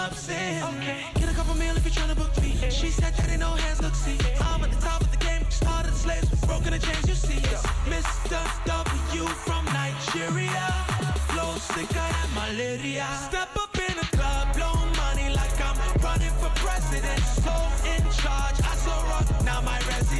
jumps in. Okay. Get a couple meal if you're trying to book me. Yeah. She said that ain't no hands, look, see. I'm at the top of the game, started the slaves, broken the chains, you see. Yo. Mr. W from Nigeria. Flow sicker than malaria. Step up in the club, blow money like I'm running for president. So in charge, I saw rock, now my resident.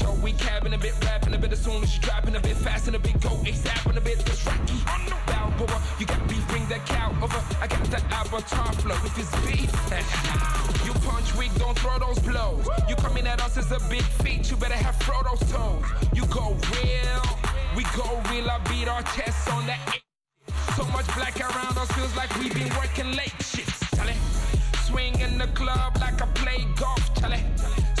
show. We cabbing a bit, rapping a bit as soon as you dropping a bit fast and a bit go ASAP and a bit less rocky. I'm Balboa, you got beef, bring that cow over. I got that avatar flow if it's beef. you punch weak, don't throw those blows. You coming at us as a big feat, you better have Frodo's toes. You go real, we go real. I beat our chests on that. So much black around us feels like we've been working late. Shit, Charlie. Swing in the club like I play golf, Charlie.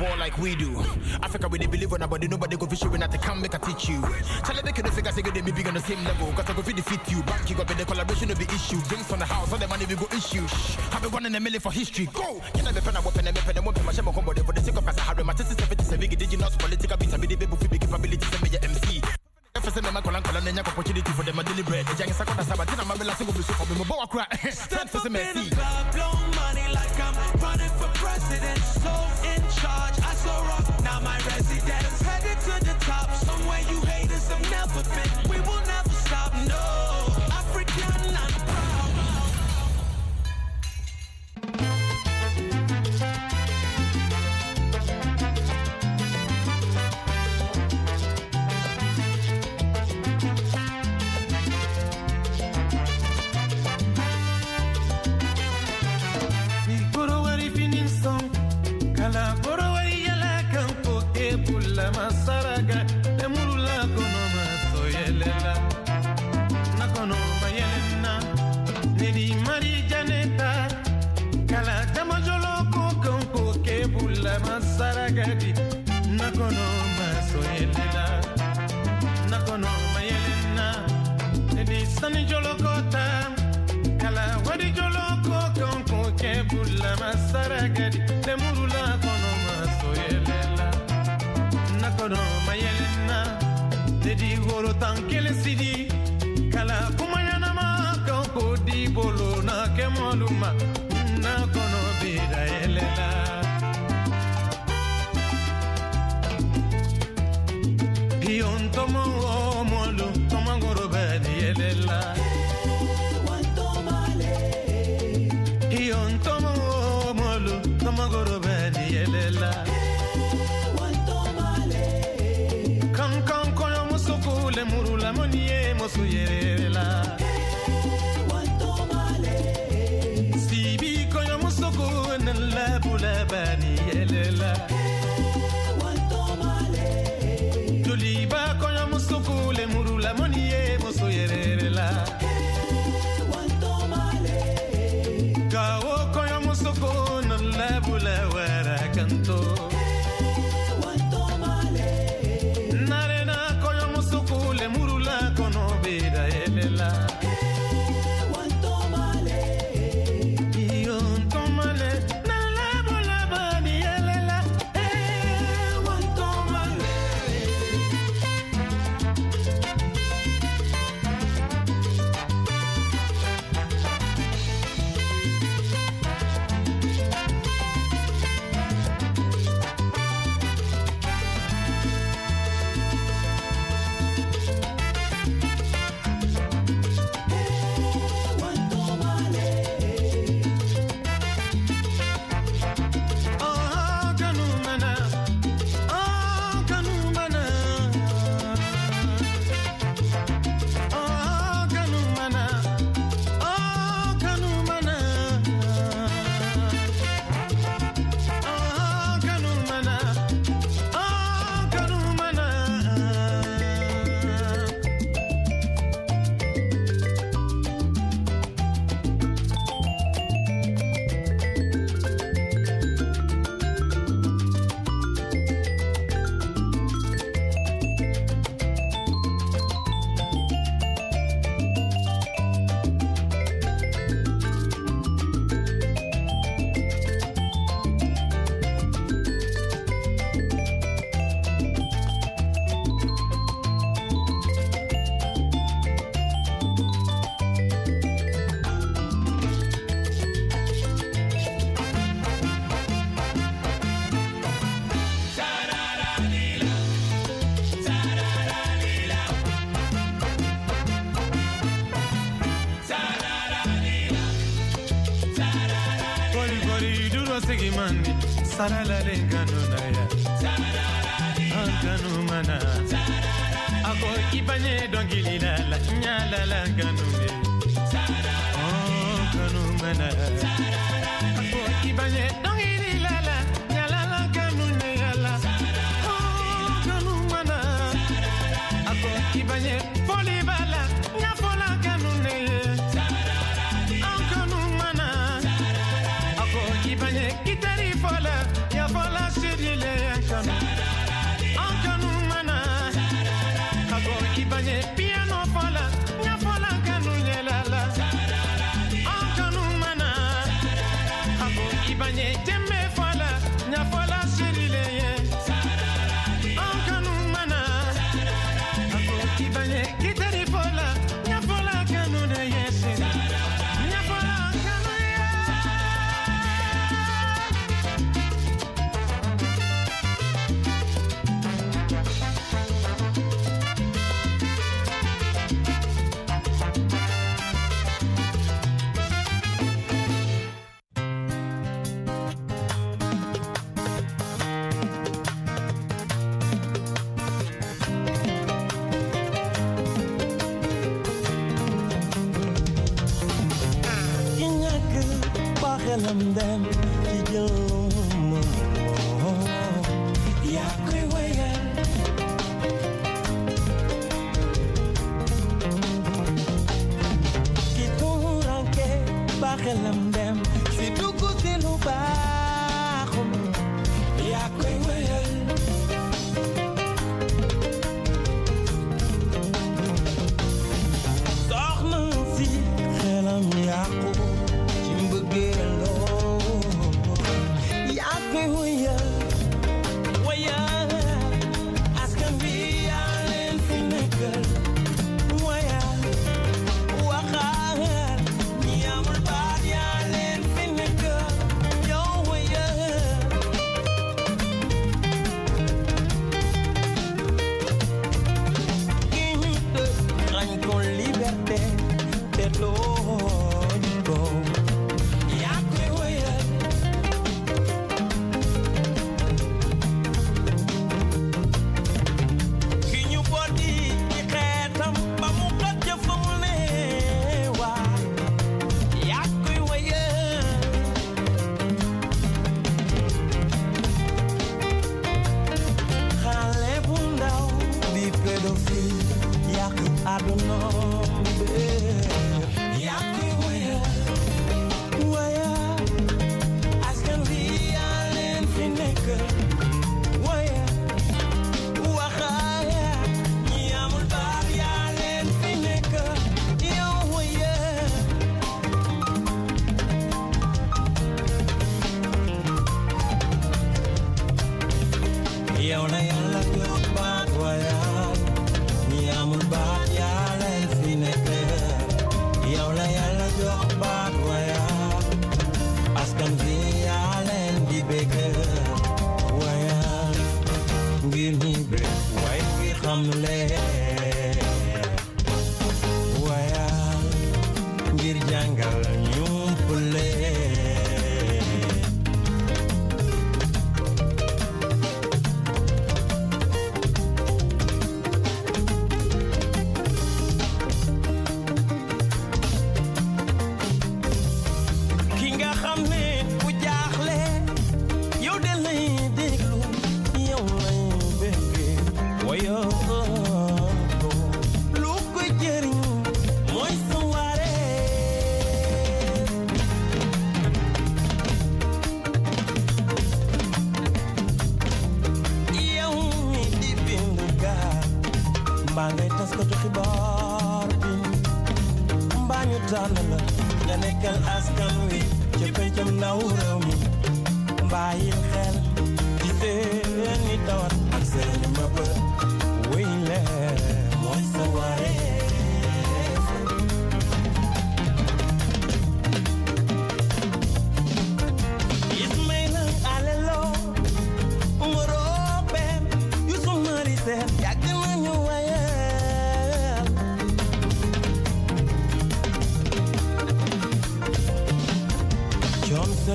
ball like we do. Africa, we they believe on nobody, nobody go fish when I can make a teach you. Tell them they can figure say they may be on the same level. Cause I go fit defeat you. Back you up the collaboration of the issue. Drinks on the house, all the money we go issue. Shh, have been one in a million for history. Go! You never pen a weapon and weapon and weapon, my shame on combo for the sake of Sahara. My test is 77, did you not political beats? I be the baby, capability, send me your MC. Efese me makola nkola nenya kwa opportunity for them a deliberate. Eja ngisa kwa saba tina mabela singo bisu for me mo bawa kwa. Step up in the club, blow money like I'm running for president. So in charge, I so rock, now my residence. Headed to the top, somewhere you haters have never been. di woro tan kelen sidi pasará la lengua.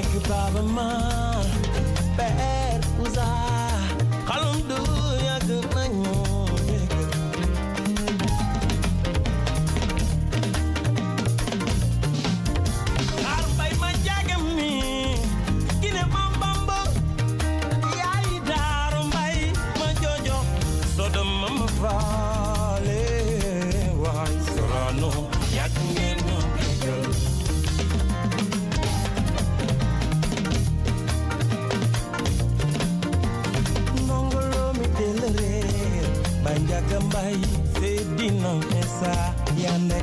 goodbye, Baba Mom. ay te dina esa ya ne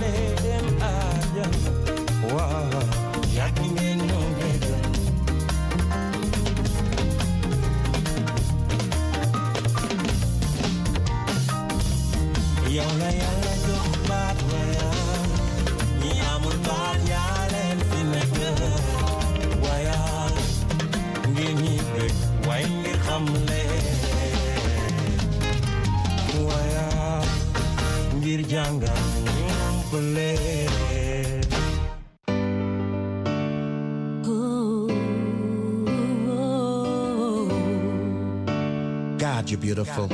le dem wa ya ki do ya ni amul baat ya len wa ya ngeen ni beg way ngir xam leen bir jangan oh, oh, oh. God, you're beautiful.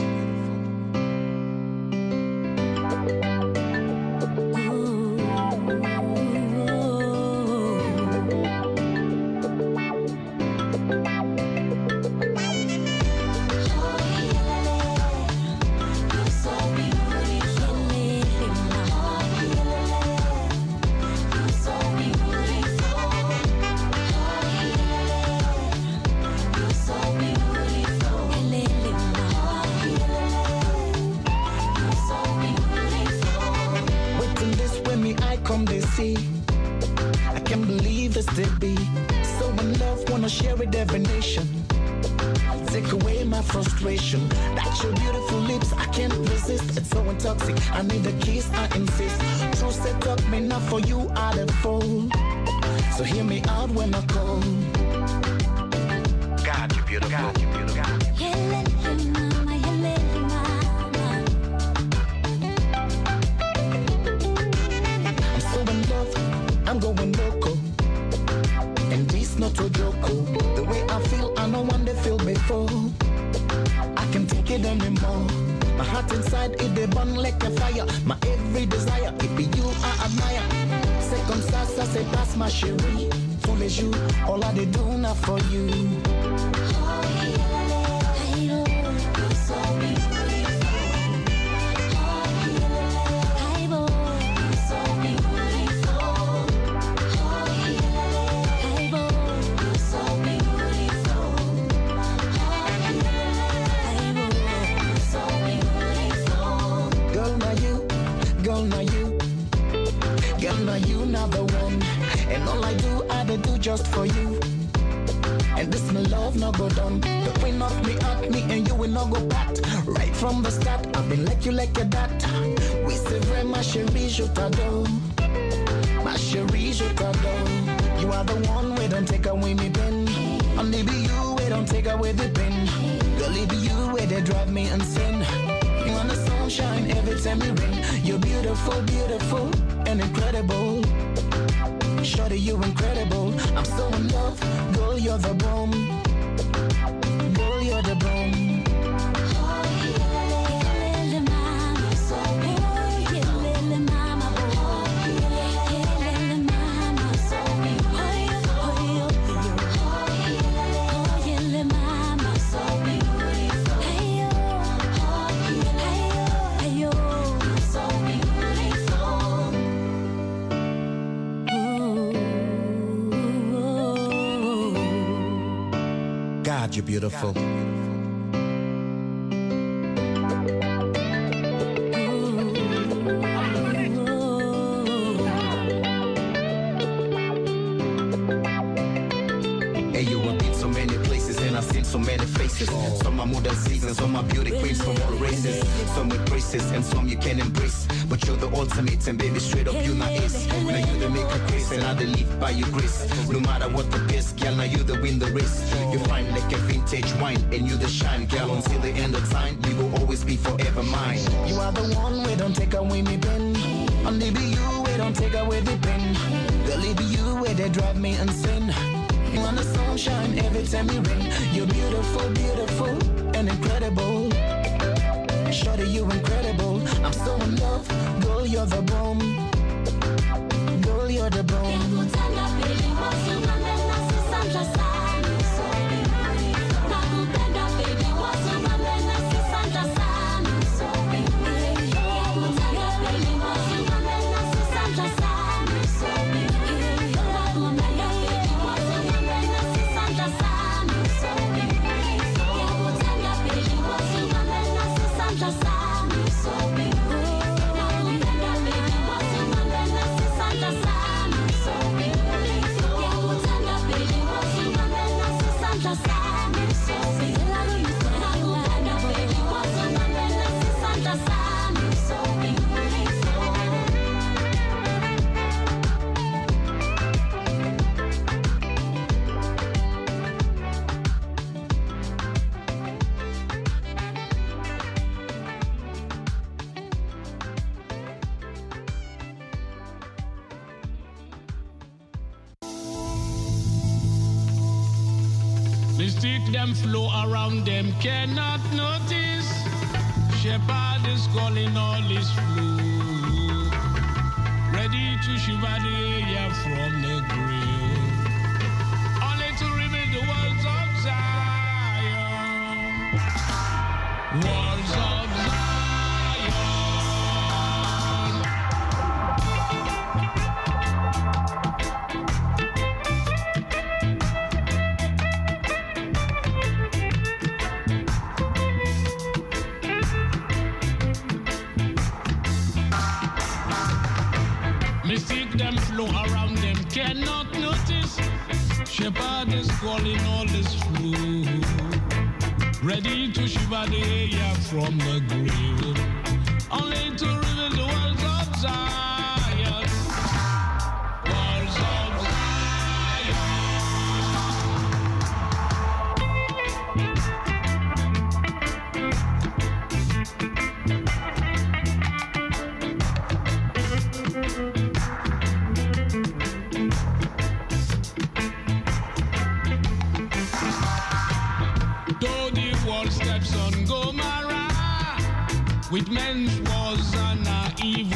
discretion. That's your beautiful lips, I can't resist. It's so intoxic. I need a kiss, I insist. True set up me not for you, I don't fall. So hear me out when I call. God, you beautiful. God, you beautiful. me burn like a fire. My every desire, it be you I admire. C'est comme ça, ça se passe, ma chérie. you, all I did do now for you. And all I do, I they do just for you. And this my love no go done. The queen of me up me and you will not go back. Right from the start, I've been like you like a dat. We say very my chérie, je t'adore. My chérie, je t'adore. You are the one we don't take away me pin. Only be you we don't take away the pin. Girl, it be you where they drive me insane pretend we ring. You're beautiful, beautiful, and incredible. Shorty, you're incredible. I'm so in love. Girl, you're the bomb. Girl, you're the bomb. you're beautiful. they queens from are races. some with braces And some you can embrace But you're the ultimate and baby straight up you my ace Now you the maker grace and I the lead by your grace No matter what the best, girl, now you the win the race You fine like a vintage wine and you the shine Girl, until the end of time, you will always be forever mine You are the one, we don't take away me pen Only be you, we don't take away the pen They'll leave you where they drive me insane you want the sunshine every time you rain You're beautiful, beautiful, and incredible I'm so in love. Girl, you're the bomb. Girl, you're the bomb. cannot notice. Shepherd is calling on. With men's was a naive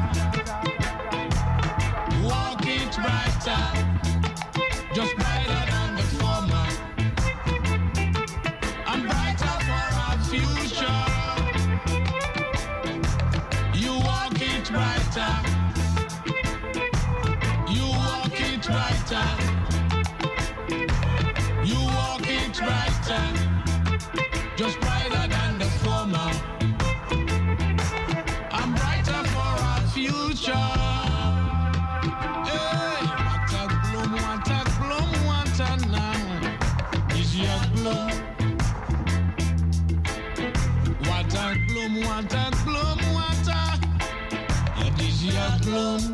Plantans bloom water, a dishes bloom.